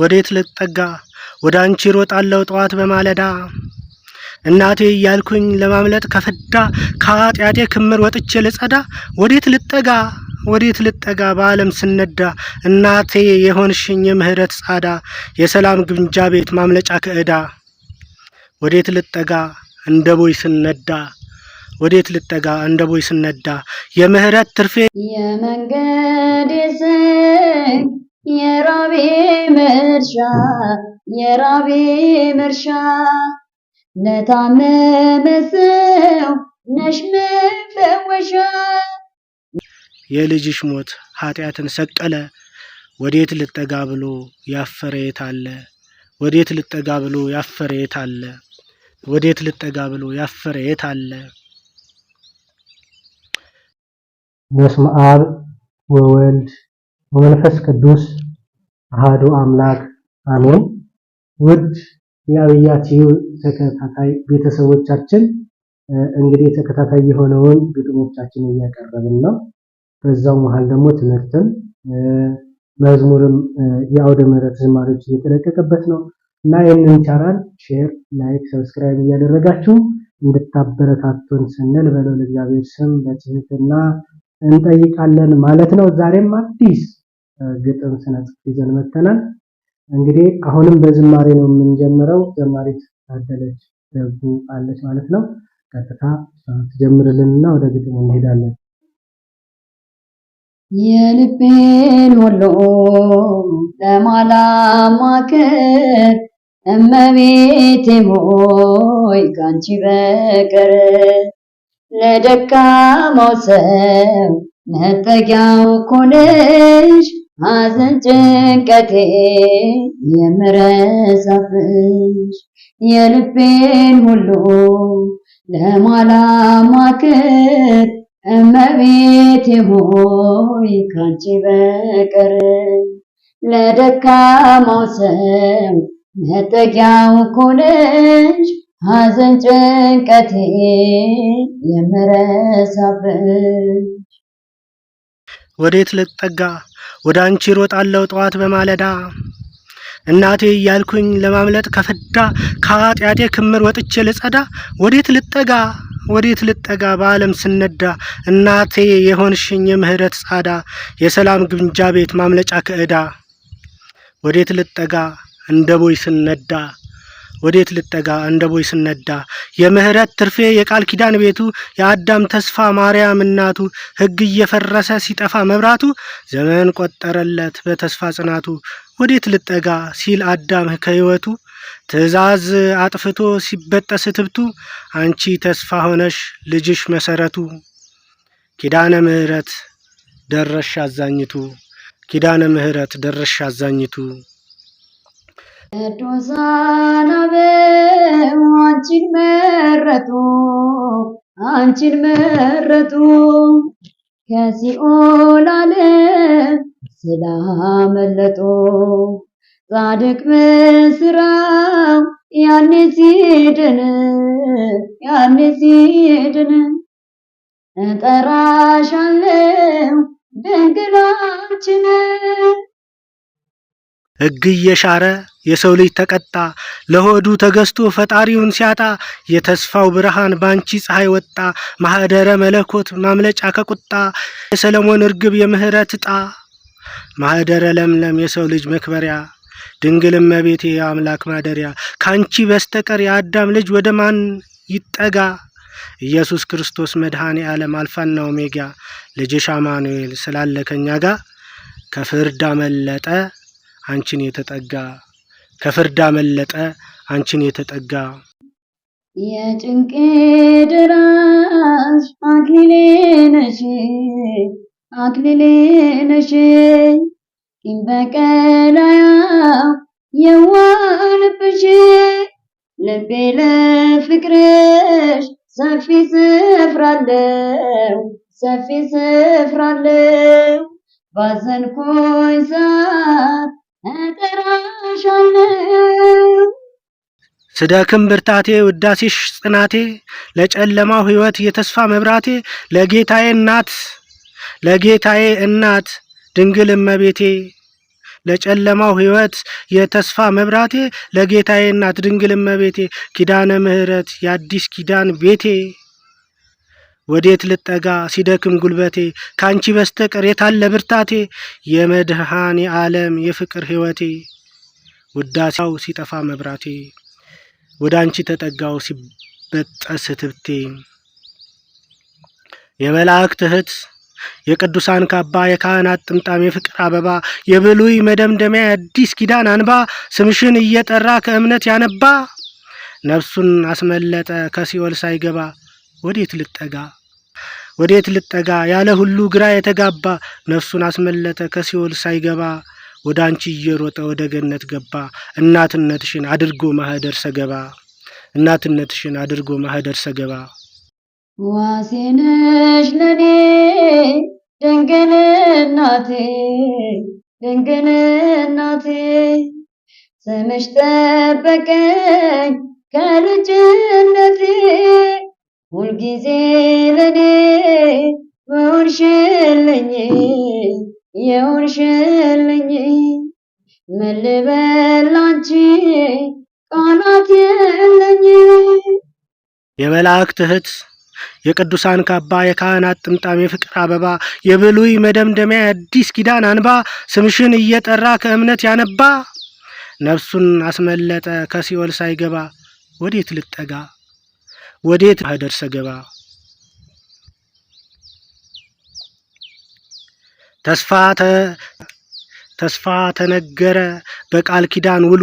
ወዴት ልጠጋ? ወደ አንቺ ሮጣለሁ ጠዋት በማለዳ እናቴ እያልኩኝ ለማምለጥ ከፈዳ ከኃጢአቴ ክምር ወጥቼ ልጸዳ ወዴት ልጠጋ ወዴት ልጠጋ በዓለም ስነዳ እናቴ የሆንሽኝ የምህረት ጻዳ የሰላም ግምጃ ቤት ማምለጫ ከእዳ ወዴት ልጠጋ እንደ ቦይ ስነዳ ወዴት ልጠጋ እንደ ቦይ ስነዳ የምህረት ትርፌ የመንገድ የራቤ ምርሻ የራቤ ምርሻ ለታመመ ሰው ነሽ መፈወሻ። የልጅሽ ሞት ኃጢአትን ሰቀለ፣ ወዴት ልጠጋ ብሎ ያፈረ የት አለ? ወዴት ልጠጋ ብሎ ያፈረ የት አለ? ወዴት ልጠጋ ብሎ ያፈረ የት አለ? በስመ አብ ወወልድ በመንፈስ ቅዱስ አሃዱ አምላክ አሜን። ውድ የአብያ ቲዩብ ተከታታይ ቤተሰቦቻችን እንግዲህ ተከታታይ የሆነውን ግጥሞቻችን እያቀረብን ነው። በዛው መሃል ደግሞ ትምህርትም መዝሙርም የአውደ ምሕረት ዝማሪዎች እየተለቀቀበት ነው እና ይህንን ቻናል ሼር፣ ላይክ፣ ሰብስክራይብ እያደረጋችሁ እንድታበረታቱን ስንል በለው ለእግዚአብሔር ስም በትህትና እንጠይቃለን ማለት ነው። ዛሬም አዲስ ግጥም ስነ ጽሑፍ ይዘን መጥተናል። እንግዲህ አሁንም በዝማሬ ነው የምንጀምረው። ዘማሪት ታደለች ደጉ አለች ማለት ነው። ቀጥታ እና ወደ ግጥም እንሄዳለን። የልቤን ሁሉ ለማላማክር እመቤቴ ሆይ ካንቺ በቀር ለደካማው ሰው መጠጊያው ኮነሽ ሐዘን ጭንቀቴ የምረሳብሽ የልቤን ሁሉ ለማላማክር እመቤቴ ሆይ ካንቺ በቀር ለደካማው ሰው መጠጊያው ኮነሽ ሐዘን ጭንቀቴ የምረሳብሽ ወዴት ልጠጋ ወደ አንቺ ሮጣለሁ ጠዋት በማለዳ እናቴ እያልኩኝ ለማምለጥ ከፈዳ ከኃጢአቴ ክምር ወጥቼ ልጸዳ ወዴት ልጠጋ ወዴት ልጠጋ በዓለም ስነዳ እናቴ የሆንሽኝ የምህረት ጻዳ የሰላም ግምጃ ቤት ማምለጫ ከእዳ ወዴት ልጠጋ እንደ ቦይ ስነዳ ወዴት ልጠጋ እንደ ቦይ ስነዳ የምህረት ትርፌ የቃል ኪዳን ቤቱ የአዳም ተስፋ ማርያም እናቱ ሕግ እየፈረሰ ሲጠፋ መብራቱ ዘመን ቆጠረለት በተስፋ ጽናቱ ወዴት ልጠጋ ሲል አዳም ከሕይወቱ ትእዛዝ አጥፍቶ ሲበጠስ ትብቱ አንቺ ተስፋ ሆነሽ ልጅሽ መሰረቱ ኪዳነ ምህረት ደረሽ አዛኝቱ ኪዳነ ምህረት ደረሽ አዛኝቱ ቅዱሳን አበው አንቺን መረጡ፣ አንቺን መረጡ ከሲኦል ዓለም ስላመለጡ ጻድቅ በስራው ያኔ ሲድን ያኔ ሲድን እጠራሻለው ድንግላችን ሕግ እየሻረ የሰው ልጅ ተቀጣ፣ ለሆዱ ተገዝቶ ፈጣሪውን ሲያጣ፣ የተስፋው ብርሃን ባንቺ ፀሐይ ወጣ፣ ማህደረ መለኮት ማምለጫ ከቁጣ፣ የሰለሞን እርግብ የምህረት እጣ ማህደረ ለምለም የሰው ልጅ መክበሪያ፣ ድንግል እመቤቴ የአምላክ ማደሪያ፣ ካንቺ በስተቀር የአዳም ልጅ ወደ ማን ይጠጋ? ኢየሱስ ክርስቶስ መድኃኔ ዓለም አልፋና ኦሜጋ፣ ልጅሽ አማኑኤል ስላለ ከኛ ጋ ከፍርድ አመለጠ አንቺን የተጠጋ ከፍርድ አመለጠ አንቺን የተጠጋ የጭንቄ ደራሽ አክሊሌ ነሽ አክሊሌ ነሽ ቂም ልቤ ለፍቅርሽ ሰፊ ስፍራ ሰፊ ስፍራለ ባዘንኩኝ ሰዓት ስደክም ብርታቴ ውዳሴሽ ጽናቴ ለጨለማው ሕይወት የተስፋ መብራቴ ለጌታዬ እናት ለጌታዬ እናት ድንግል እመቤቴ ለጨለማው ሕይወት የተስፋ መብራቴ ለጌታዬ እናት ድንግል እመቤቴ ኪዳነ ምሕረት የአዲስ ኪዳን ቤቴ ወዴት ልጠጋ ሲደክም ጉልበቴ ካንቺ በስተቀር የታለ ብርታቴ የመድሃኔ ዓለም የፍቅር ሕይወቴ ውዳሴው ሲጠፋ መብራቴ ወደ አንቺ ተጠጋው ሲበጠስ ትብቴ የመላእክት እህት የቅዱሳን ካባ የካህናት ጥምጣም የፍቅር አበባ የብሉይ መደምደሚያ የአዲስ ኪዳን አንባ ስምሽን እየጠራ ከእምነት ያነባ ነፍሱን አስመለጠ ከሲኦል ሳይገባ ወዴት ልጠጋ ወዴት ልጠጋ ያለ ሁሉ ግራ የተጋባ ነፍሱን አስመለጠ ከሲኦል ሳይገባ ወደ አንቺ እየሮጠ ወደ ገነት ገባ እናትነትሽን አድርጎ ማህደር ሰገባ እናትነትሽን አድርጎ ማህደር ሰገባ ዋሴነሽ ለኔ ድንግል እናቴ ድንግል እናቴ ስምሽ ጠበቀኝ ከልጅነቴ ሁልጊዜ ለኔ ቃላት የለኝ። የመላእክት እህት የቅዱሳን ካባ የካህናት ጥምጣም የፍቅር አበባ የብሉይ መደምደሚያ የአዲስ ኪዳን አንባ ስምሽን እየጠራ ከእምነት ያነባ ነፍሱን አስመለጠ ከሲኦል ሳይገባ ወዴት ልጠጋ ወዴት አደርሰ ገባ ተስፋ ተነገረ በቃል ኪዳን ውሉ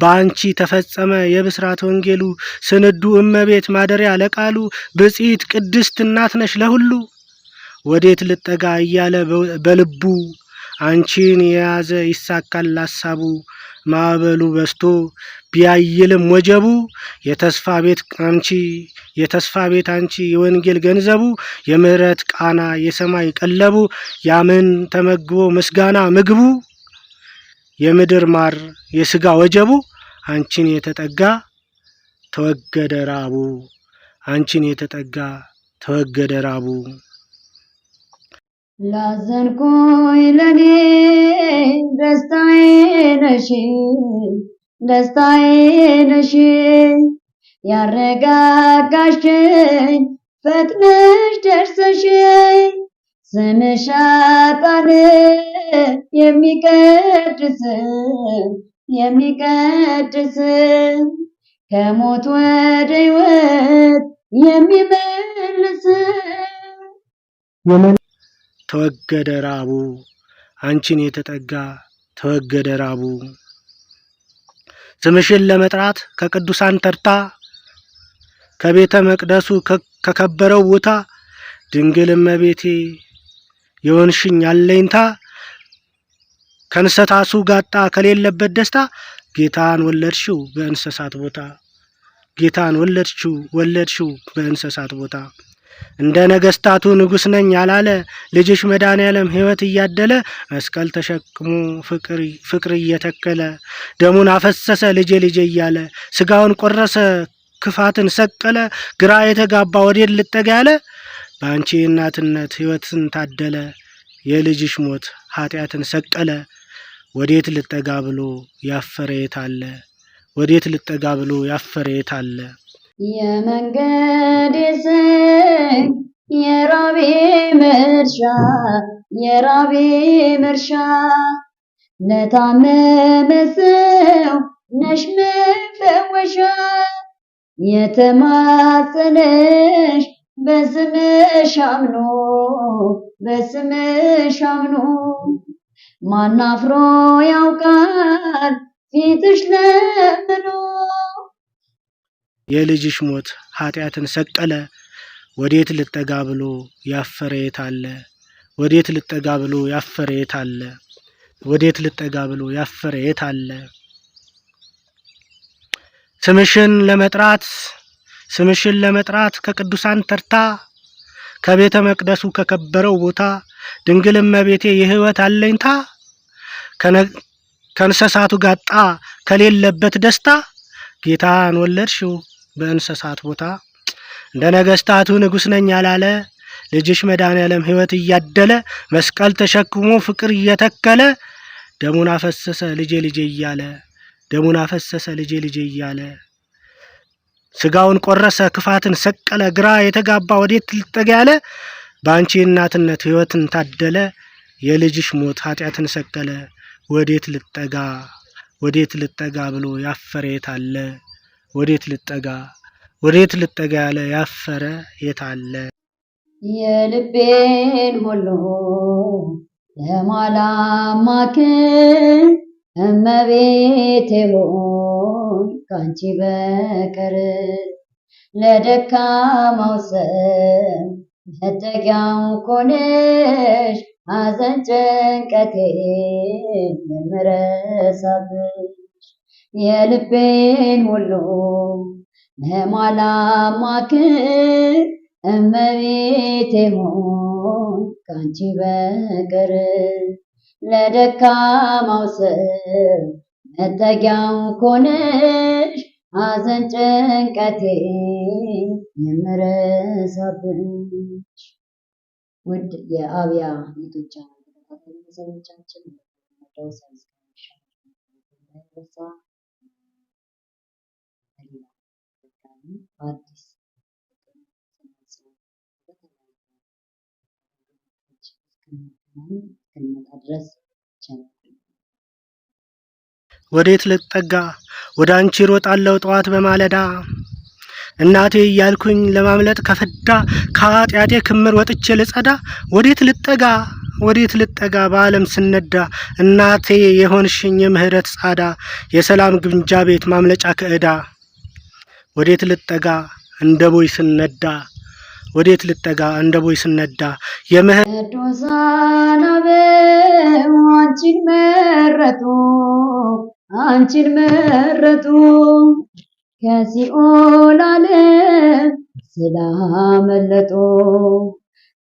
በአንቺ ተፈጸመ የብስራት ወንጌሉ ስንዱ እመቤት ማደሪያ ለቃሉ ብጽት ቅድስት እናት ነሽ ለሁሉ ወዴት ልጠጋ እያለ በልቡ አንቺን የያዘ ይሳካል ሀሳቡ ማዕበሉ በስቶ ቢያይልም ወጀቡ የተስፋ ቤት አንቺ የተስፋ ቤት አንቺ የወንጌል ገንዘቡ የምረት ቃና የሰማይ ቀለቡ ያምን ተመግቦ ምስጋና ምግቡ የምድር ማር የስጋ ወጀቡ አንቺን የተጠጋ ተወገደ ራቡ አንቺን የተጠጋ ተወገደ ራቡ ላዘንኩኝ ለኔ ደስታዬ ነሽ ደስታዬ ነሽ ያረጋጋሽኝ ፈጥነሽ ደርሰሽ ስምሽ አጣን የሚቀድስ የሚቀድስ ከሞት ወደ ሕይወት የሚመልስ ተወገደ ራቡ፣ አንቺን የተጠጋ ተወገደ ራቡ። ስምሽን ለመጥራት ከቅዱሳን ተርታ ከቤተ መቅደሱ ከከበረው ቦታ ድንግል እመቤቴ የሆንሽኝ አለኝታ ከእንስሳቱ ጋጣ ከሌለበት ደስታ ጌታን ወለድሽው በእንስሳት ቦታ ጌታን ወለድሽው ወለድሽው በእንስሳት ቦታ እንደ ነገስታቱ ንጉስ ነኝ ያላለ ልጅሽ መድኃኔዓለም ህይወት እያደለ መስቀል ተሸክሞ ፍቅር እየተከለ ደሙን አፈሰሰ ልጄ ልጄ እያለ ስጋውን ቆረሰ ክፋትን ሰቀለ ግራ የተጋባ ወዴት ልጠጋ ያለ በአንቺ እናትነት ህይወትን ታደለ የልጅሽ ሞት ኃጢአትን ሰቀለ ወዴት ልጠጋ ብሎ ያፈረ የት አለ ወዴት ልጠጋ ብሎ ያፈረ የት አለ የመንገድ ስንቅ የራቤ ምርሻ የራቤ ምርሻ ለታመመ ሰው ነሽ መፈወሻ የተማጸነሽ በስምሽ አምኖ በስምሽ አምኖ ማናፍሮ ያውቃል ፊትሽ ለምኖ የልጅሽ ሞት ኃጢአትን ሰቀለ። ወዴት ልጠጋ ብሎ ያፈረ የት አለ? ወዴት ልጠጋ ብሎ ያፈረ የት አለ? ወዴት ልጠጋ ብሎ ያፈረ የት አለ? ስምሽን ለመጥራት ስምሽን ለመጥራት ከቅዱሳን ተርታ ከቤተ መቅደሱ ከከበረው ቦታ ድንግል እመቤቴ የሕይወት አለኝታ ከእንስሳቱ ጋጣ ከሌለበት ደስታ ጌታን ወለድሽው በእንስሳት ቦታ እንደ ነገስታቱ ንጉስ ነኝ ያላለ ልጅሽ መድኃኔዓለም ህይወት እያደለ መስቀል ተሸክሞ ፍቅር እየተከለ ደሙን አፈሰሰ ልጄ ልጄ እያለ ደሙን አፈሰሰ ልጄ ልጄ እያለ ስጋውን ቆረሰ ክፋትን ሰቀለ ግራ የተጋባ ወዴት ልጠጋ ያለ በአንቺ እናትነት ህይወትን ታደለ የልጅሽ ሞት ኃጢአትን ሰቀለ ወዴት ልጠጋ ወዴት ልጠጋ ብሎ ያፈሬት አለ ወዴት ልጠጋ ወዴት ልጠጋ ያለ ያፈረ የት አለ? የልቤን ሁሉ ለማላማክ እመቤቴ ሆይ ካንቺ በቀር ለደካማው ሰው መጠጊያው ኮነሽ ሐዘን ጭንቀቴ የምረሳብሽ የልቤን ሁሉ ለሟላ ማክር እመቤቴ ሆይ ካንቺ በቀር ለደካማው ስር መጠጊያው ኮነሽ ሐዘን ጭንቀቴ የምረሳብሽ ውድ የአብያ ጌቶቻ ተከታታይ ሰዎቻችን አዲስ ወዴት ልጠጋ ወደ አንቺ ሮጣለው ጠዋት በማለዳ እናቴ እያልኩኝ ለማምለጥ ከፈዳ ከኃጢአቴ ክምር ወጥቼ ልጸዳ ወዴት ልጠጋ ወዴት ልጠጋ በዓለም ስነዳ እናቴ የሆንሽኝ የምህረት ጻዳ የሰላም ግምጃ ቤት ማምለጫ ከእዳ ወዴት ልጠጋ እንደ ቦይ ስነዳ ወዴት ልጠጋ እንደ ቦይ ስነዳ የምህዶዛና አንቺን መረጡ አንቺን መረጡ ከሲኦል ስላመለጡ